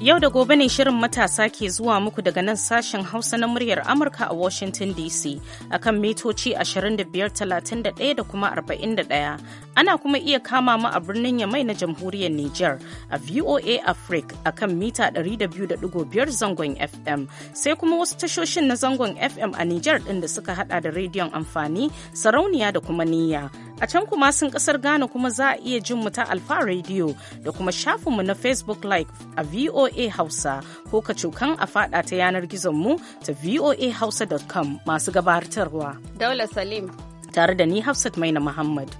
Yau da gobe ne shirin matasa ke zuwa muku daga nan sashen Hausa na muryar Amurka a Washington DC a kan mitoci 2531 da kuma 41. Ana kuma iya kama mu a birnin Yamai na Jamhuriyar Nijar a VOA Africa a kan mita 200.5 zangon FM. Sai kuma wasu tashoshin na zangon FM a Nijar ɗin da suka hada da rediyon amfani, sarauniya da kuma niyya. A can kuma sun kasar Ghana kuma za a iya jin mu ta Alfa Radio da kuma shafin mu na Facebook Live a VOA Hausa ko ka cokan a fada ta yanar gizon mu ta voahausa.com masu gabatarwa. Daula Salim. Tare da ni Hafsat Maina Muhammad.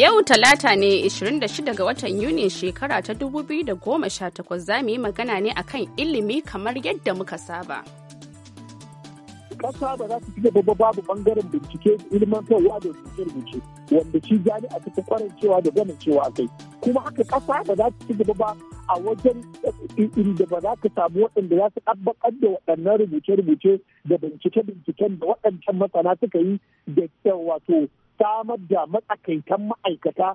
Yau talata ne 26 ga watan yuni shekara ta 2018 za mu yi magana ne akan ilimi kamar yadda muka saba. Kasa da za su fi babba babu bangaren bincike ilmantarwa da bincike rubuce wanda shi jami'a ta fi kwarancewa da ganin cewa kai. Kuma haka kasa da za su ba a wajen inda ba za ka samu waɗanda za su ɗabbaƙar da waɗannan rubuce-rubuce da bincike-binciken da waɗancan masana suka yi da wato samar da matsakaitan ma'aikata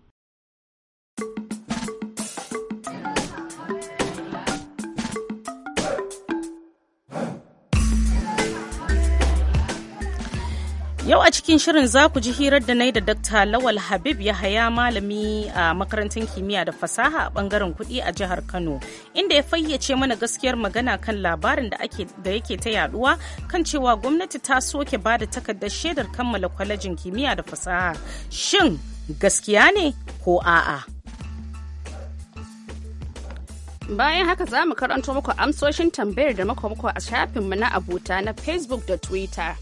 Yau a cikin shirin za ku ji hirar da na yi da Dr. Lawal Habib ya haya malami a makarantar kimiyya da fasaha a bangaren kuɗi a jihar Kano, inda ya fayyace mana gaskiyar magana kan labarin da yake ta yaduwa kan cewa gwamnati ta soke ba da takardar shaidar kammala kwalejin kimiyya da fasaha. Shin gaskiya ne ko a'a? Bayan haka za mu karanto muku amsoshin tambayar da muka muku a shafinmu na abota na Facebook da Twitter.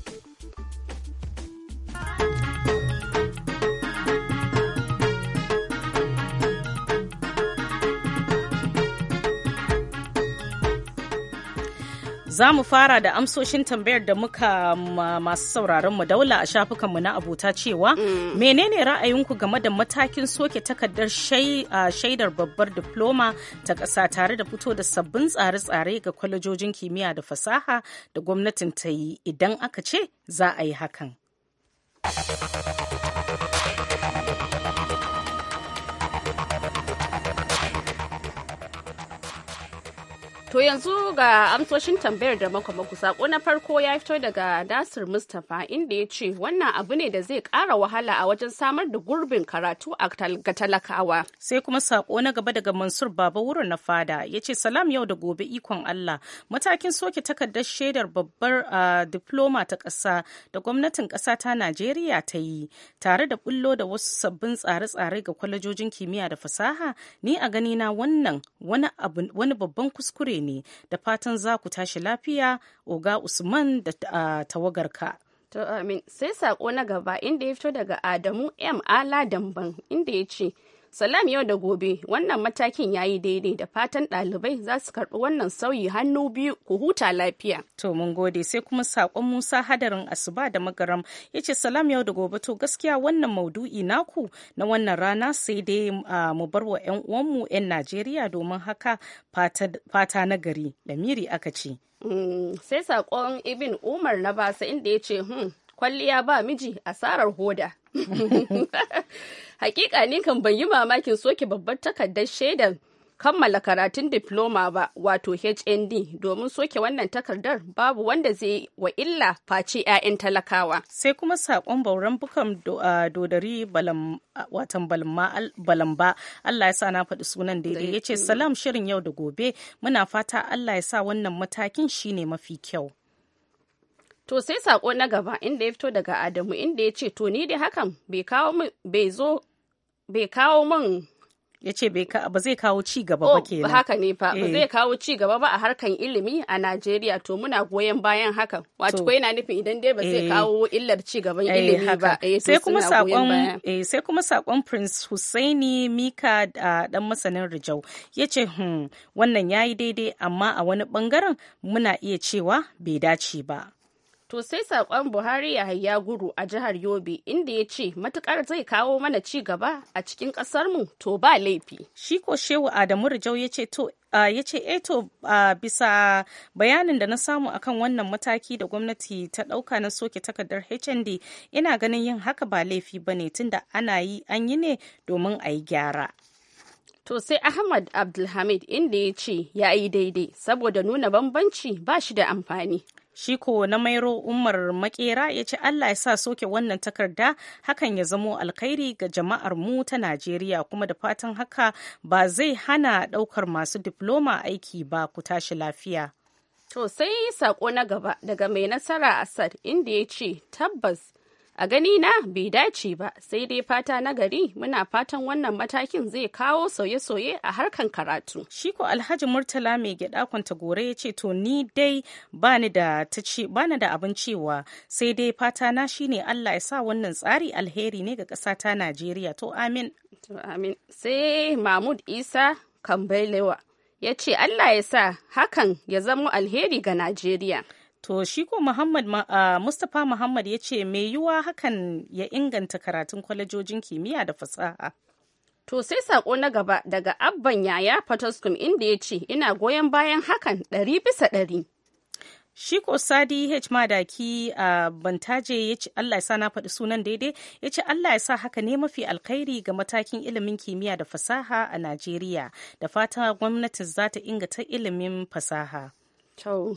Za mu fara da amsoshin tambayar da muka masu sauraron mu daula a shafukanmu na abota cewa mm. menene ra'ayinku game da matakin soke takardar shaidar babbar diploma ta ƙasa tare da fito da sabbin tsare-tsare ga kwalejojin kimiyya da fasaha da gwamnatin ta yi idan aka ce za a yi hakan. To yanzu ga amsoshin tambayar da makwamaku sako na farko ya fito daga Nasir Mustapha inda ya ce wannan abu ne da zai ƙara wahala a wajen samar da gurbin karatu a ga talakawa. Sai kuma sako na gaba daga Mansur Baba wurin na fada ya ce salam yau da gobe ikon Allah matakin soke takardar shaidar babbar diploma ta ƙasa da gwamnatin ƙasa ta Najeriya ta yi tare da bullo da wasu sabbin tsare-tsare ga kwalejojin kimiyya da fasaha ni a ganina wannan wani babban kuskure da fatan za ku tashi lafiya oga usman da tawagarka To amin sai sako na gaba inda ya fito daga Adamu M. Ala Damban inda ya ce Salam yau da gobe wannan matakin ya yi daidai da fatan ɗalibai za su karɓi wannan sauyi hannu biyu ku huta lafiya. To mun gode sai kuma saƙon Musa Hadarin Asuba da Magaram ya ce salam yau da gobe to gaskiya wannan maudu'i naku na wannan rana sai dai mu bar wa 'yan uwanmu 'yan Najeriya domin haka fata na gari da miri aka ce. Mm, sai saƙon Ibn Umar na basa inda ya ce hmm, kwalliya ba miji asarar hoda. hakika ni kan ban yi mamakin soke babbar takardar shaidar kammala karatun diploma ba wato hnd domin soke wannan takardar babu wanda zai wa illa face 'ya'yan talakawa sai kuma sakon bauran bukan dodari watan balamba allah ya sa na faɗi sunan daidai ya ce salam shirin yau da gobe muna fata allah ya sa wannan matakin shine mafi kyau To sai sako na gaba inda ya fito daga Adamu inda ya ce to ni dai hakan bai kawo bai zo bai kawo ya ce ba zai kawo ci gaba ba oh, ke haka ne ba zai eh. kawo ci gaba ba a harkan ilimi a Najeriya to muna goyon bayan haka wato yana nufin idan dai ba zai eh. kawo illar ci gaban eh, ilimi ba sai kuma sakon sai Prince husaini Mika da dan masanin Rijau yace hmm wannan yayi daidai amma a wani bangaren muna iya cewa bai dace ba To sai saƙon Buhari ya hayya guru a jihar Yobe inda ya ce matukar zai kawo mana ci gaba a cikin ƙasarmu to ba laifi. Shi ko Shehu Adamu Rijau ya ce to ya ce eto eh uh, bisa bayanin da na samu akan wannan mataki da gwamnati ta ɗauka na soke takardar hnd ina ganin yin haka ba laifi ba ne tunda ana yi an yi ne domin a yi gyara to sai ahmad abdulhamid inda ya ce ya yi daidai saboda nuna bambanci ba shi da amfani Shi ko na Mairo Umar Makera ya ce Allah ya sa soke wannan takarda hakan ya zamo alkhairi ga jama'ar mu ta Najeriya kuma da fatan haka ba zai hana daukar masu diploma aiki ba ku tashi lafiya. To sai sako na gaba daga mai nasara Asad inda ya ce tabbas a gani na bai dace ba sai dai fata na gari muna fatan wannan matakin zai kawo sauye-sauye a harkan karatu shi ko alhaji murtala mai gyada kwanta gore ya ce to ni dai bani da da abin cewa sai dai fata na shine allah ya sa wannan tsari alheri ne ga ƙasa ta najeriya to amin to amin sai mahmud isa kambailewa ya ce allah ya sa hakan ya zamo alheri ga najeriya To shi ko Muhammad Mustapha Muhammad ya ce mai yiwuwa hakan ya inganta karatun kwalejojin kimiyya da fasaha. To sai sako na gaba daga abban yaya Potoskum inda ya ce ina goyon bayan hakan ɗari bisa ɗari. Shi ko Sadi H Madaki a Bantaje ya ce Allah ya sa na faɗi sunan daidai ya ce Allah ya sa haka ne mafi alkhairi ga matakin ilimin kimiyya da fasaha a Najeriya da fata gwamnati za ta inganta ilimin fasaha.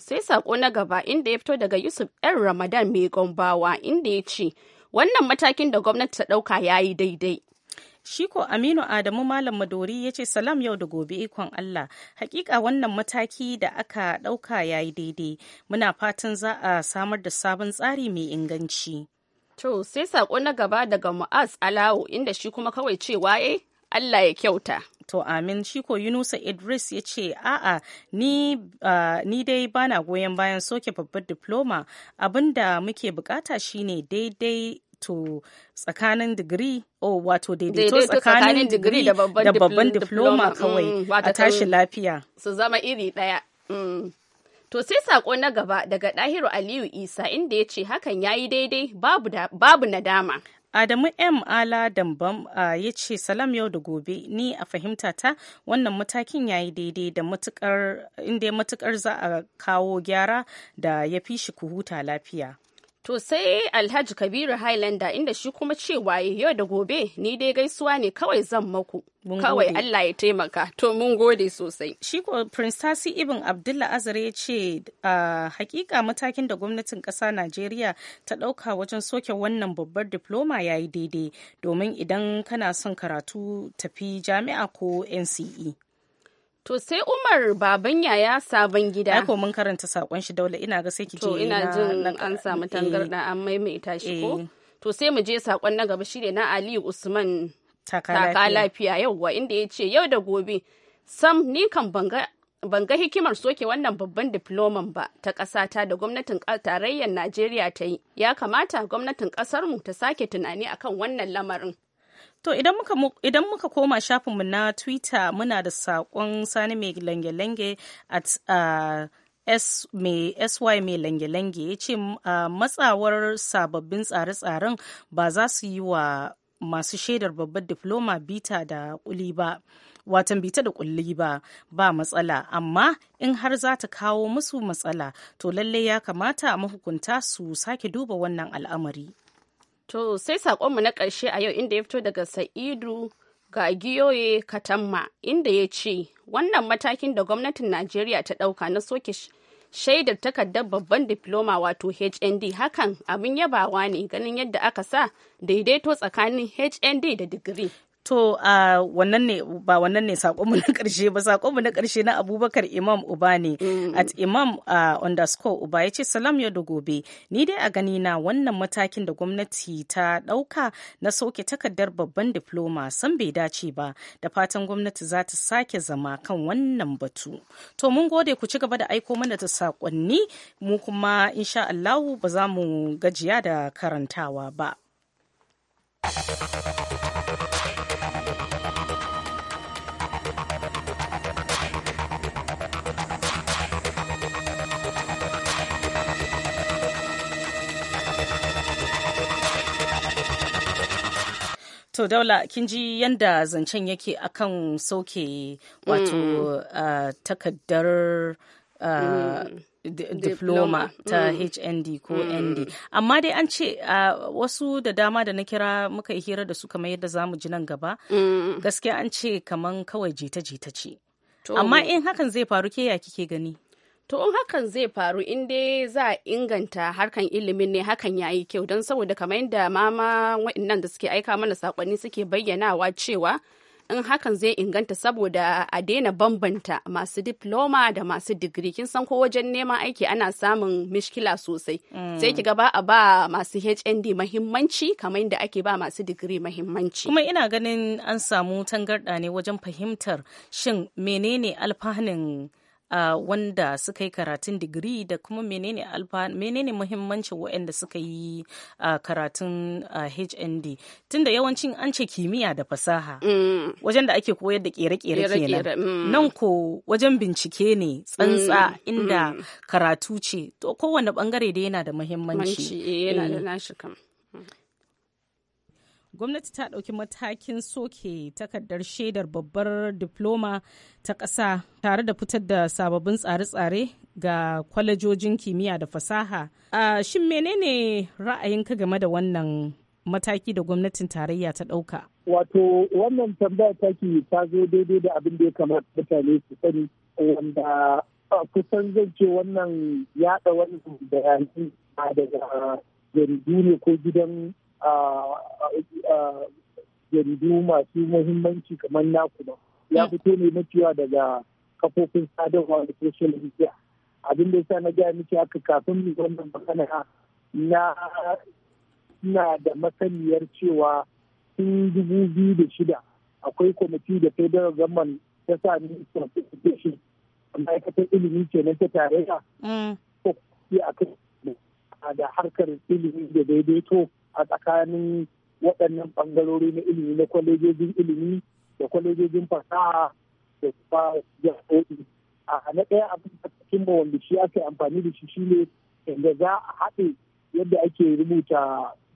sai saƙo na gaba inda ya fito daga Yusuf ‘yan Ramadan mai gombawa inda ya ce, wannan matakin da gwamnati ta ɗauka ya yi daidai. Shiko Aminu Adamu Malam Madori ya ce salam yau da gobe ikon Allah. Hakika wannan mataki da aka ɗauka ya yi daidai. Muna fatan za a samar da sabon tsari mai inganci. To sai saƙo na gaba daga Mu'az Alawo inda shi kuma kawai cewa eh Allah ya kyauta. To amin shi ko Yunusa Idris ya ce a'a ni uh, ni dai bana goyon bayan soke babbar diploma abinda muke bukata shine daidai to tsakanin digiri o oh, wato daidaito tsakanin digiri da babban diploma kawai mm, a tashi lafiya. Su zama iri ɗaya. Mm. To sai sako na gaba daga ɗahiru Aliyu Isa inda ya ce hakan ya yi daidai babu nadama. Adamu M. Ala Dambam ya ce salam yau da gobe ni a fahimta ta wannan matakin ya yi daidai da matukar inda matukar za a kawo gyara da ya fi shi ku huta lafiya. To sai Alhaji Kabiru Highlander inda shi kuma cewa yau da gobe ni dai gaisuwa ne kawai zan maku. Kawai Allah ya taimaka. To mun gode sosai. Shi ko Prince Tasi Ibn Abdullah Azare ya ce a hakika matakin da gwamnatin ƙasa Najeriya ta ɗauka wajen soke wannan babbar diploma ya yi daidai domin idan kana son karatu tafi jami'a ko NCE. To sai Umar baban yaya sabon gida. Aiko mun karanta sakon shi daula ina ga sai ki To ina jin an samu eh, tangarda an maimaita shi ko. Eh. To sai mu je sakon na gaba shine na Aliyu Usman taka lafiya yauwa inda yace yau da gobe sam ni kan ban ga hikimar soke wannan babban diploman ba ta ƙasata da gwamnatin tarayyar Najeriya ta yi. Ya kamata gwamnatin ƙasarmu ta sake tunani akan wannan lamarin. To idan muka koma shafinmu na Twitter muna da saƙon sani mai lange-lange at ah, S mai SY mai lange-lange ya ce ah, matsawar sababbin tsare-tsaren ba za su yi wa masu shaidar babbar difloma bita da kuli ba watan bita da kulli ba ba matsala amma in har za ta kawo musu matsala to lallai ya kamata mahukunta su sake duba wannan al'amari. To sai saƙonmu na ƙarshe a yau inda ya fito daga Sa'idu ga Giyoye Katamma inda ya ce wannan matakin da gwamnatin Najeriya ta ɗauka na soke shaidar takardar babban diploma wato HND hakan abin yabawa ne ganin yadda aka sa daidaito tsakanin HND da digiri. To uh, wannan ne ba wannan ne sakonmu na karshe ba sakonmu na karshe na Abubakar Imam Uba ne mm. at Imam uh, underscore Uba ya ce salam yau da gobe ni dai a gani na wannan matakin da gwamnati ta ɗauka na sauke takardar babban diploma san bai dace ba da fatan gwamnati za ta sake zama kan wannan batu. To mun gode ku ci gaba da aiko mana da sakonni mu kuma insha Allahu ba za mu gajiya da karantawa ba. To daula kin ji yanda zancen yake akan soke wato mm, mm. Uh, takardar uh, mm. diploma ta hnd ko nd amma dai an ce uh, wasu da dama da na kira muka yi hira da su kamar yadda za mu ji nan gaba gaskiya an ce kamar kawai jita-jita ce amma in hakan zai faru ke ya kike gani To in hakan zai faru in dai za a inganta harkan ilimin ne hakan ya yi kyau don saboda kamar yadda mama waɗannan da suke aika mana sakonni suke bayyanawa cewa in hakan zai inganta saboda a daina bambanta masu diploma da masu digiri kin san ko wajen neman aiki ana samun mishkila sosai mm. sai kiga ba a ba masu HND mahimmanci kamar yadda ake ba masu digiri mahimmanci kuma ina ganin an samu tangarɗa ne wajen fahimtar shin menene alfahanin uh, wanda suka yi karatun digiri da kuma menene alfa menene muhimmancin waɗanda suka yi uh, karatun uh, HND tunda yawancin an ce kimiyya da fasaha mm. wajen da ake koyar da kere-kere kenan mm. nan ko wajen bincike ne tsantsa mm. mm inda mm. karatu ce to kowane bangare da yana da muhimmanci eh, eh. gwamnati ta ɗauki matakin soke takardar shaidar babbar diploma ta ƙasa tare da fitar da sababbin tsare-tsare ga kwalejojin kimiyya da fasaha a shin menene ra'ayinka game da wannan mataki da gwamnatin tarayya ta ɗauka wato wannan tambaya taki ta zo daidai da abin da ya kamata mutane su sani wanda kusan zan ce wannan yaɗa wannan bayani daga jaridu ne ko gidan jaridu masu muhimmanci kamar na ba ya mm. fito ne mafiya daga kafofin sadarwa da social media abin da yasa na gaya miki haka kafin mu wannan magana na na da masaniyar cewa tun dubu biyu da shida akwai kwamiti da federal zaman. ta sa minister of education ma'aikatar ilimi ke nan ta tarayya mm. ko a kai da harkar ilimi da daidaito a tsakanin waɗannan ɓangarori na ilimi na kwalejojin ilimi da kwalejojin fasaha da kuma jami'o'i a na ɗaya abin da cikin ba wanda shi ake amfani da shi shine yadda za a haɗe yadda ake rubuta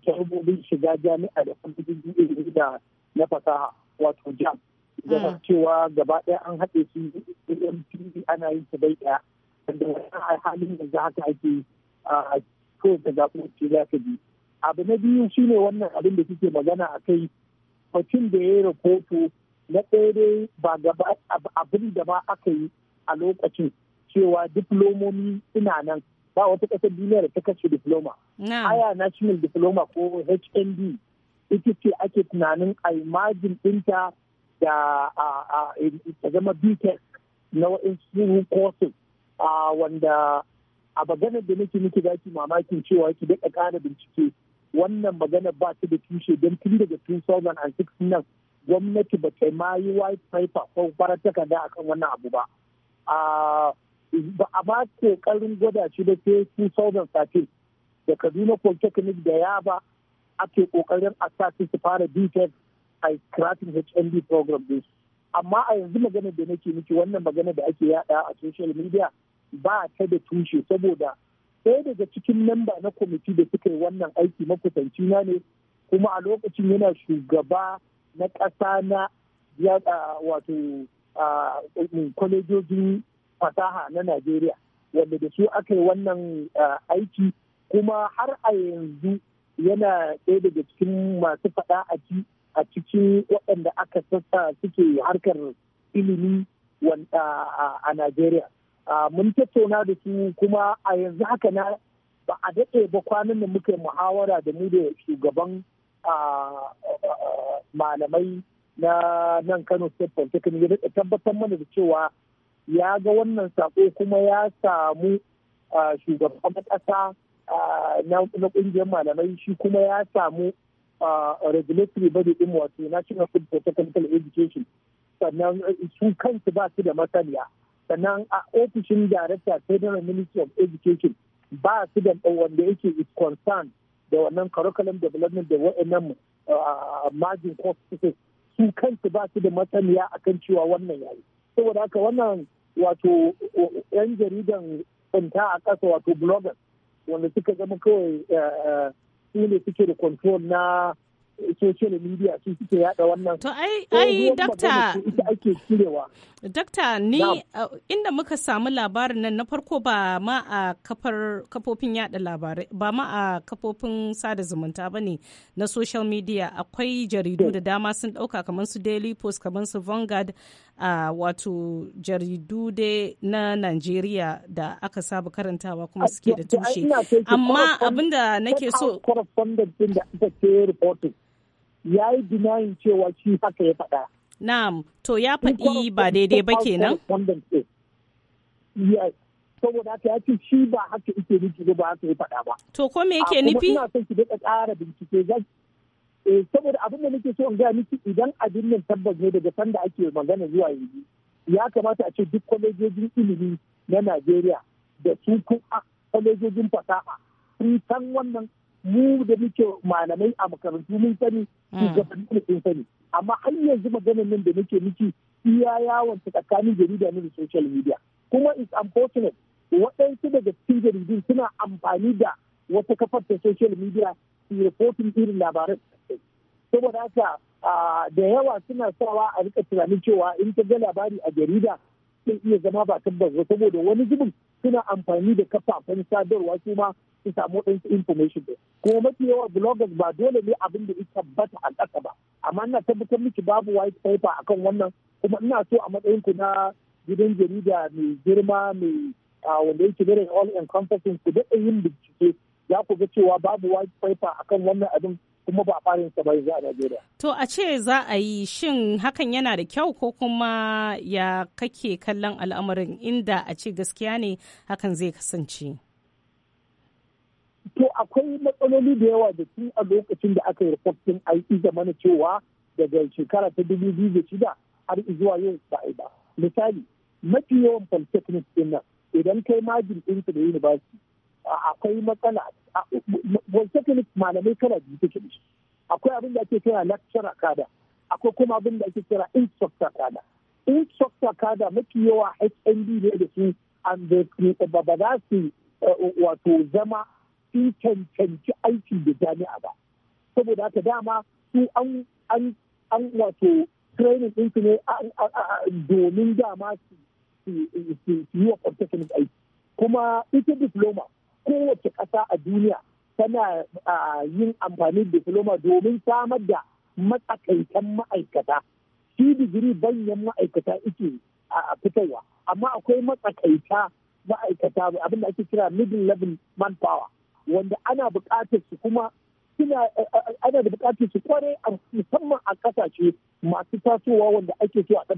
tarbomin shiga jami'a da kwalejojin ilimi da na fasaha wato jam da hmm. cewa gaba ɗaya an haɗe su amtv ana yin su bai ɗaya wanda a halin yanzu haka ake a kowace zaɓuɓɓe za ka biyu abu na biyu shine wannan abin da suke magana a kai mutum da ya yi rahoto na ɗaya ba gaba abin da ma aka yi a lokacin cewa diplomomi suna nan ba wata ƙasar duniya da ta kashe diploma. Aya National Diploma ko HND ita ce ake tunanin a imajin ɗinta da ta zama BTEC na waɗansu courses wanda a maganar da nake nake zaki mamakin cewa ki daɗa ƙara bincike wannan magana ba ta da tushe don tun daga 2006 nan gwamnati ba ta ma yi white paper ko fara takarda akan wannan abu ba ba a ba kokarin gwada shi da ke 2013 da kaduna polytechnic da ya yaba ake kokarin a sa su fara btech a crafting hmd program din amma a yanzu magana da nake miki wannan magana da ake yada a social media ba ta da tushe saboda ɗaya daga cikin memba na kwamiti da suka yi wannan aiki makusanci na ne kuma a lokacin yana shugaba na ƙasa na wato um, kwalejojin fasaha na najeriya wanda da su aka yi wannan aiki kuma har a yanzu yana ɗaya daga cikin masu faɗa a ci a cikin waɗanda aka sassa suke harkar ilimi a najeriya mun tattauna da su kuma a yanzu haka na ba a daɗe ba kwanan da muke muhawara da mu da shugaban malamai na nan kano state polytechnic ya tabbatar mana da cewa ya ga wannan sako kuma ya samu shugaban ƙasa na ƙungiyar malamai shi kuma ya samu regulatory body din wato national food protocol education sannan su kansu ba su da masaniya sannan a ofishin director federal ministry of education ba su da wanda yake is concerned da wannan curriculum development da wa'annan uh, margin course su kansu ba su da masaniya akan cewa wannan yayi saboda haka wannan wato yan jaridan kwanta a ƙasa wato bloggers wanda suka zama kawai uh, uh, su ne suke da control na social media su suke yada wannan to ai ai dakta ita ake cirewa dakta ni uh, inda muka samu labarin nan na farko ba ma a kafar kafofin yada labarai ba ma a kafofin sada zumunta ba ne na social media akwai jaridu da dama sun dauka kamar su daily post kamar su vanguard a uh, wato jaridu dai na Najeriya da aka saba karantawa kuma suke da tushe amma abinda nake so ya yi binayin cewa shi haka ya faɗa. Na'am, to ya faɗi ba daidai ba kenan? Yes, saboda haka ya ce shi ba haka yake nufi ba haka ya faɗa ba. To ko me yake nufi? Ina son ki daɗa ƙara bincike zan eh, saboda abin da nake so in gaya miki idan abin nan tabbas ne daga sanda ake magana zuwa yanzu ya kamata a ce duk kwalejojin ilimi na Najeriya da su kuma kwalejojin fasaha sun san wannan mu da muke malamai a makarantu mun sani shugabanni mm. sun sani amma har yanzu maganar nan da nake miki iya yawon tsakanin jarida ne da social media kuma it's unfortunate waɗansu daga cikin jaridun suna amfani da wata kafar ta social media su reporting irin labaran saboda haka ah, da yawa suna sawa a rika tunanin cewa in ta ga labari a jarida zai iya zama ba tabbas ba saboda wani zubin suna amfani da kafafen sadarwa su ma su samu ɗansu information ɗin kuma mafi yawa bloggers ba dole ne abin da ita tabbata a ƙasa ba amma ina tabbatar miki babu white paper akan wannan kuma ina so a matsayin ku na gidan jarida mai girma mai ah, wanda yake da all encompassing ku daɗa yin bincike ya ku ga cewa babu white paper akan wannan abin kuma ba a fara yin ba yanzu a Najeriya. To a ce za a yi shin hakan yana da kyau ko kuma ya kake kallon al'amarin inda a ce gaskiya ne hakan zai kasance? To akwai matsaloli da yawa da tun a lokacin da aka yi rikwafin aiki zamana cewa daga shekara ta dubu biyu da shida har zuwa yau ba a yi ba. Misali, mafi yawan polytechnic ɗin nan idan kai majin ɗinka da university akwai matsala polytechnic malamai kala biyu take da akwai abin da ake kira lecture kada akwai kuma abin da ake kira instructor kada instructor kada mafi yawa HND ne da su ba za su eh, wato zama sun cancanci aiki da jami'a ba saboda haka dama su an wato training din su ne domin dama su yi wa aiki kuma ita diploma kowace ƙasa a duniya tana yin amfani da diploma domin samar da matsakaitan ma'aikata shi digiri banyan ma'aikata ike a fitarwa amma akwai matsakaita ma'aikata abinda ake kira middle level manpower wanda ana buƙatar su kuma ana da buƙatar su kware a musamman a ƙasashe masu tasowa wanda ake so a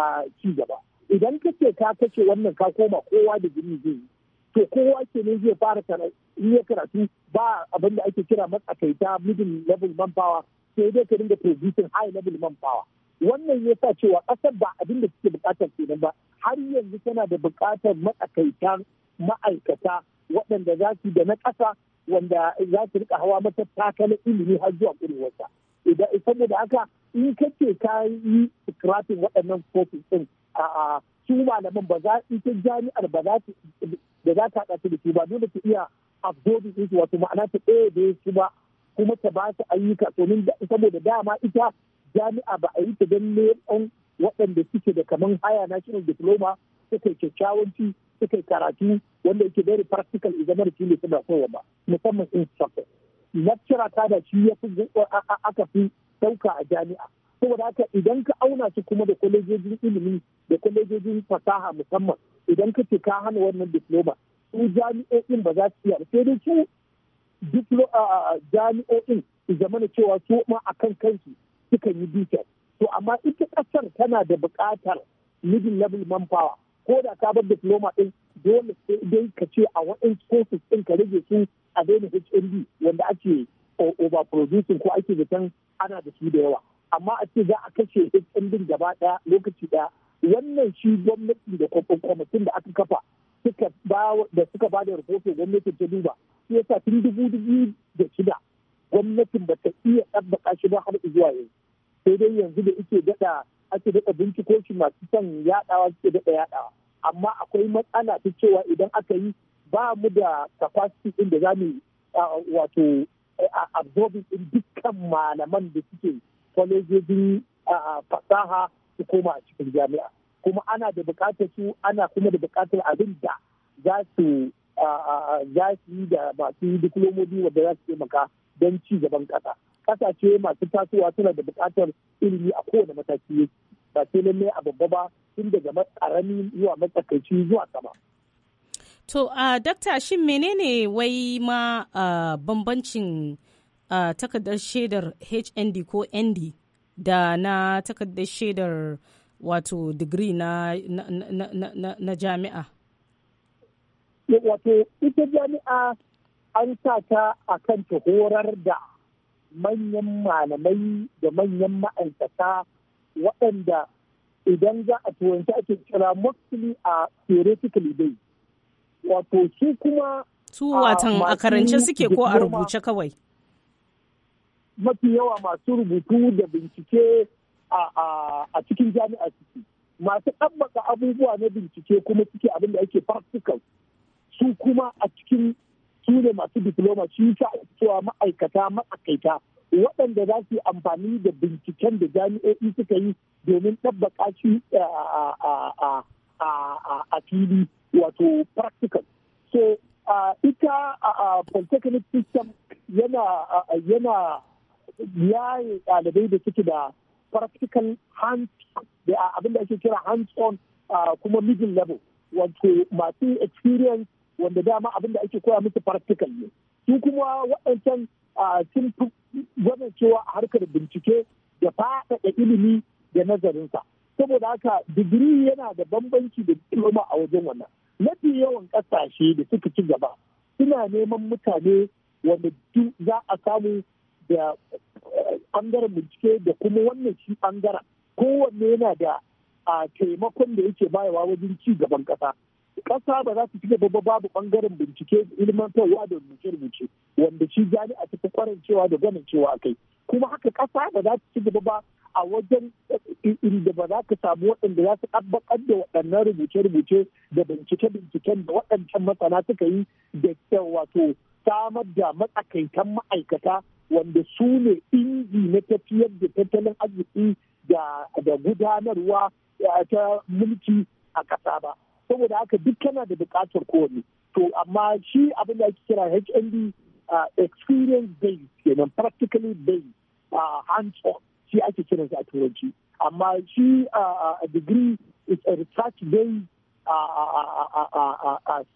a ci gaba idan kace ka kace wannan ka koma kowa da jini zai yi to kowa kenan zai fara karatu ba abin da ake kira matsakaita middle level manpower sai dai ka dinga producing high level manpower wannan ya sa cewa ƙasar ba abin da suke bukatar kenan ba har yanzu tana da bukatar matsakaitan ma'aikata waɗanda za su da na ƙasa wanda za su rika hawa mata takalar ilimi har zuwa ƙurewarsa idan saboda haka in kake ka yi scrapping waɗannan kofin ɗin a'a su malaman ba za ita jami'ar ba za da za ta haɗa su da su ba dole ta iya absorbing su wato ma'ana ta ɗaya da su ba kuma ta ba su ayyuka domin saboda dama ita jami'a ba a yi ta don neman waɗanda suke da kamar haya national diploma suka yi kyakkyawan ci suka karatu wanda yake very practical da shi ne suna kowa ba musamman instructor lecturer ta da shi ya fi aka fi ɗauka a jami'a saboda haka idan ka auna su kuma da kwalejojin ilimi da kwalejojin fasaha musamman idan ka ce ka hana wannan diploma su jami'o'in ba za su iya sai dai su jami'o'in su zama da cewa su ma a kan kansu sukan yi duka to amma ita kasar tana da buƙatar middle level manpower ko da ka bar diploma ɗin dole sai dai ka ce a waɗansu courses ɗin ka rage su a daina HMD wanda ake overproducing ko ake zaton ana da su da yawa amma a ce za a kashe ɗin gaba ɗaya lokaci ɗaya wannan shi gwamnati da kwakwan kwamitin da aka kafa da suka ba da rahoto gwamnatin ta duba shi yasa tun dubu dubu da shida gwamnatin ba ta iya tsabbaka shi ba har zuwa yanzu sai dai yanzu da ike daɗa ake daɗa binciko shi masu son yaɗawa suke daɗa yaɗawa amma akwai matsala ta cewa idan aka yi ba mu da capacity ɗin da za mu wato absorbing ɗin dukkan malaman da suke kwalejojin fasaha su koma a cikin jami'a kuma ana da bukatar su ana kuma da bukatar abin da za su za su yi da masu diplomomi wadda za su taimaka don ci gaban ƙasa ƙasashe masu tasowa suna da bukatar ilimi a kowane mataki ba sai lallai a babba ba tun daga ƙarami zuwa matsakaici zuwa sama to a dakta shin menene wai ma bambancin a takardar shaidar hnd ko nd da na takardar shaidar wato digiri na, na, jami'a wato ita jami'a an sa ta a kan ta horar da manyan malamai da manyan ma'aikata waɗanda idan za a turanci ake kira mostly a theoretical day wato su kuma su watan a karance suke ko a rubuce kawai mafi yawa masu rubutu da bincike a cikin jami'a ciki masu ɗabbaka abubuwa na bincike kuma suke abin da ake practical su kuma a cikin su ne masu diploma shi sa cewa ma'aikata kaita waɗanda za su yi amfani da binciken da jami'o'i suka yi domin ɗabbaka shi a fili wato practical so ita polytechnic system yana yaye ɗalibai da suke da practical hands da abin da ake kira hands on kuma middle level wato masu experience wanda dama abinda ake koya musu practical ne su kuma waɗancan sun fi gwada cewa a harkar bincike da faɗaɗa ilimi da nazarinsa saboda haka digiri yana da bambanci da diploma a wajen wannan mafi yawan ƙasashe da suka ci gaba suna neman mutane wanda za a samu da eh, ɓangaren bincike da kuma wannan shi ɓangaren kowanne yana da a taimakon da yake bayawa wajen ci gaban ƙasa ƙasa ba za su ci gaba babu ɓangaren bincike ilmantarwa da rubuce-rubuce wanda shi a cikin fi kwarancewa da ganin cewa kai kuma haka ƙasa ba za su ci gaba ba a wajen eh, inda ba za ka samu waɗanda za su ɗabbaƙar da waɗannan rubuce-rubuce da bincike-binciken da waɗancan masana suka yi da wato samar da matsakaitan ma'aikata wanda su ne inji na tafiyar da tattalin arziki da gudanarwa eh, ta mulki a ƙasa ba saboda haka duk kana da buƙatar kowanne to amma shi abin da ake kira HND ah, experience based kenan practically based ah, hands on shi ake kiran a turanci amma shi a ah, degree is a research based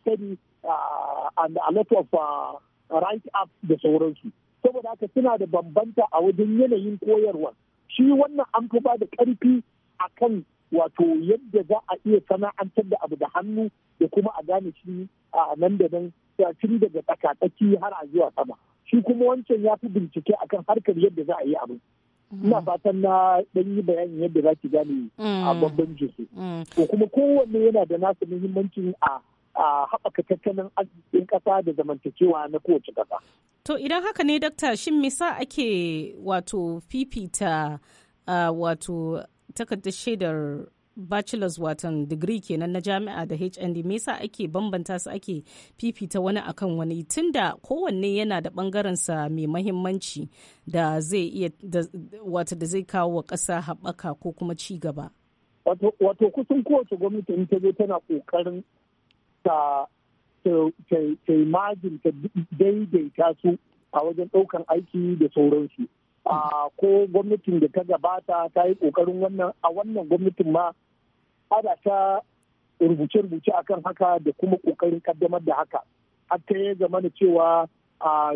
study Uh, and a lot of write uh, up da sauransu saboda haka suna da bambanta a wajen yanayin koyarwa shi wannan an fi ba da karfi a kan wato yadda za a iya sana'antar da abu da hannu da kuma a gane shi a nan da nan tun daga tsakatsaki har a zuwa sama shi kuma wancan ya fi bincike akan harkar yadda za a yi abu ina fatan na dan yi bayanin yadda za ki gane mm. a babban jinsu ko mm. kuma kowanne yana da nasu muhimmancin a a haɓaka tattalin arzikin ƙasa da zamantakewa na kowace ƙasa. To idan haka ne dakta shin misa ake wato fifita wato takardar shaidar bachelor's watan digiri kenan na jami'a da hnd me yasa ake bambanta su ake fifita wani akan wani tunda kowanne yana da bangarensa mai mahimmanci da zai iya wata da zai kawo wa ƙasa haɓaka ko kuma ci gaba wato kusan kowace gwamnati in ta zo tana ƙoƙarin ta majin ta daidaita su a wajen ɗaukan aiki da sauransu. Ko gwamnatin da ta gabata ta yi ƙoƙarin wannan a wannan gwamnatin ma ana ta rubuce-rubuce akan haka da kuma ƙoƙarin kaddamar da haka. ta ya zama na cewa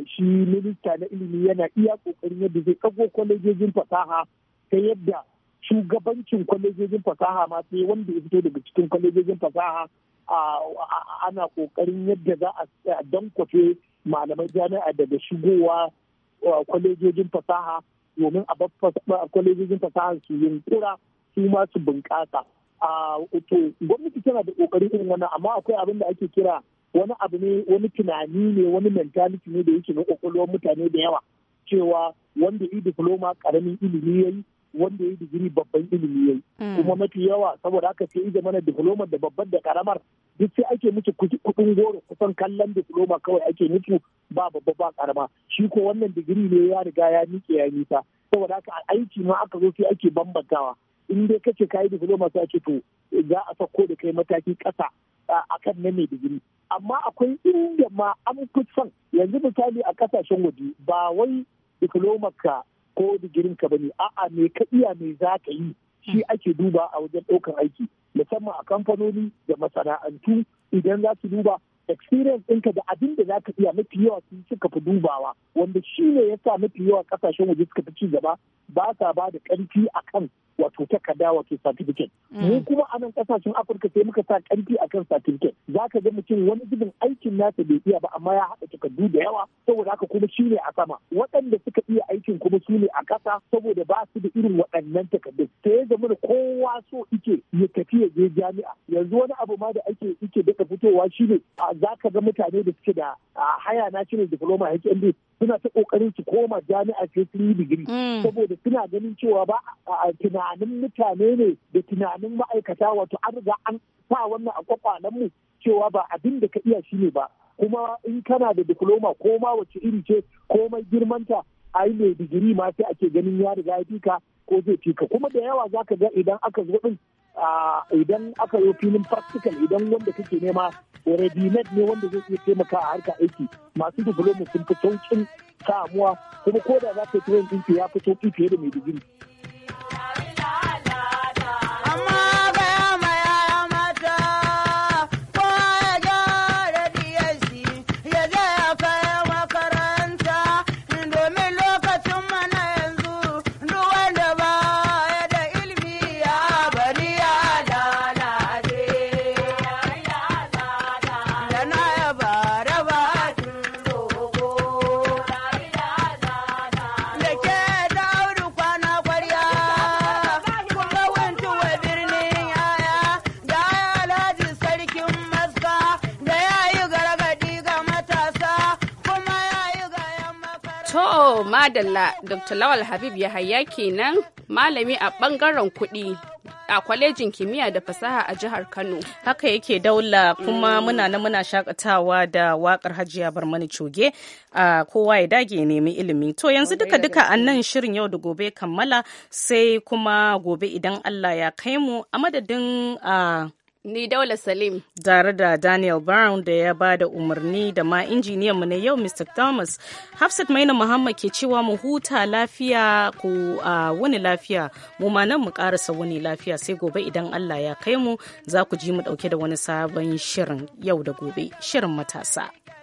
shi minista na ilimi yana iya ƙoƙarin yadda zai ɗago kwalejojin fasaha ta yadda shugabancin kwalejojin fasaha ma sai wanda ya fito daga cikin kwalejojin fasaha ana kokarin yadda za a dankwafe malamai jami'a daga shigowa kwalejojin fasaha domin a kwalejojin fasaha su yunƙura su ma su bunƙasa. to gwamnati tana da kokarin irin wannan amma akwai abin da ake kira wani abu ne wani tunani ne wani mentality ne da yake na kwakwalwar mutane da yawa cewa wanda i diploma karamin ilimi yayi wanda ya yi digiri babban ilimi yayi hmm. kuma mafi yawa saboda haka sai ya mana diploma da babban da karamar duk sai ake mutu kudin goro kusan kallon diploma kawai ake mutu. ba babba ba karama shi ko wannan digiri ne ya riga ya miƙe ya nisa saboda haka aiki ma aka zo sai ake bambantawa in dai kace kayi diploma sai ake to za a sako da kai mataki ƙasa akan na mai digiri amma akwai inda ma an kusan yanzu misali a ƙasashen waje ba wai diploma ka ko digirin ka bane a'a me ka iya me za ka yi shi hmm. ake duba a wajen ɗaukar aiki musamman a kamfanoni da masana'antu idan za su duba experience ɗinka da abin da za ka iya mafi yawa sun suka fi dubawa wanda shi ne ya sa mafi yawa ƙasashen waje suka fi ci gaba ba sa ba da ƙarfi a kan wato takarda wato certificate. Mm. Mu kuma a nan ƙasashen Afirka sai muka sa ƙarfi a kan certificate. Za ka ga mutum wani zubin aikin nasa bai iya ba amma ya haɗa takardu da yawa saboda haka kuma shi ne a sama. Waɗanda suka iya aikin kuma su ne a ƙasa saboda ba su da irin waɗannan takardun. Ta ya zama kowa so ike ya tafi je jami'a. Yanzu wani abu ma da ake ike daga fitowa shi ne a za ka ga mutane da suke da haya na cire diploma a suna ta kokarin su koma jami'a ce sun yi digiri mm. saboda suna ganin cewa ba a tunanin mutane ne da tunanin ma'aikata wato an riga an sa wannan a kwakwalen mu cewa ba abin da ka iya shi ne ba kuma in kana da diploma ko ma wace iri ce komai girmanta ai mai digiri ma sai ake ganin ya riga ya fika ko zai fika kuma da yawa za ka ga idan aka zo din idan aka yi filin practical idan wanda kake nema ready made ne wanda zai iya taimaka a harka aiki masu diploma sun fi saukin kamuwa kuma ko da za ka yi training ya fi sauki fiye da mai digiri Madalla Dr. Lawal Habib Yahaya kenan malami a bangaren kuɗi a kwalejin kimiyya da fasaha a jihar Kano. Haka yake daula kuma mm. muna na muna shakatawa da wakar Hajiya Barmani Coge a kowa ya dage nemi ilimi. To yanzu duka duka a nan shirin yau da gobe kammala sai kuma gobe idan Allah ya kai mu a madadin Ni Daula Salim. Tare da Daniel Brown da ya ba da umarni da ma injiniyan mu na yau Mr. Thomas. Hafsat Maina Muhammad ke cewa mu huta lafiya ku a wani lafiya. Mu ma nan mu karasa wani lafiya sai gobe idan Allah ya kai mu za ku ji mu dauke da wani sabon shirin yau da gobe shirin matasa.